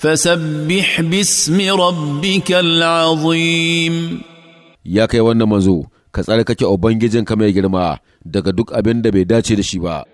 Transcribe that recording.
فسبح باسم ربك العظيم يا wannan manzo ka tsarkake ubangijinka mai girma daga duk abin da bai dace da shi ba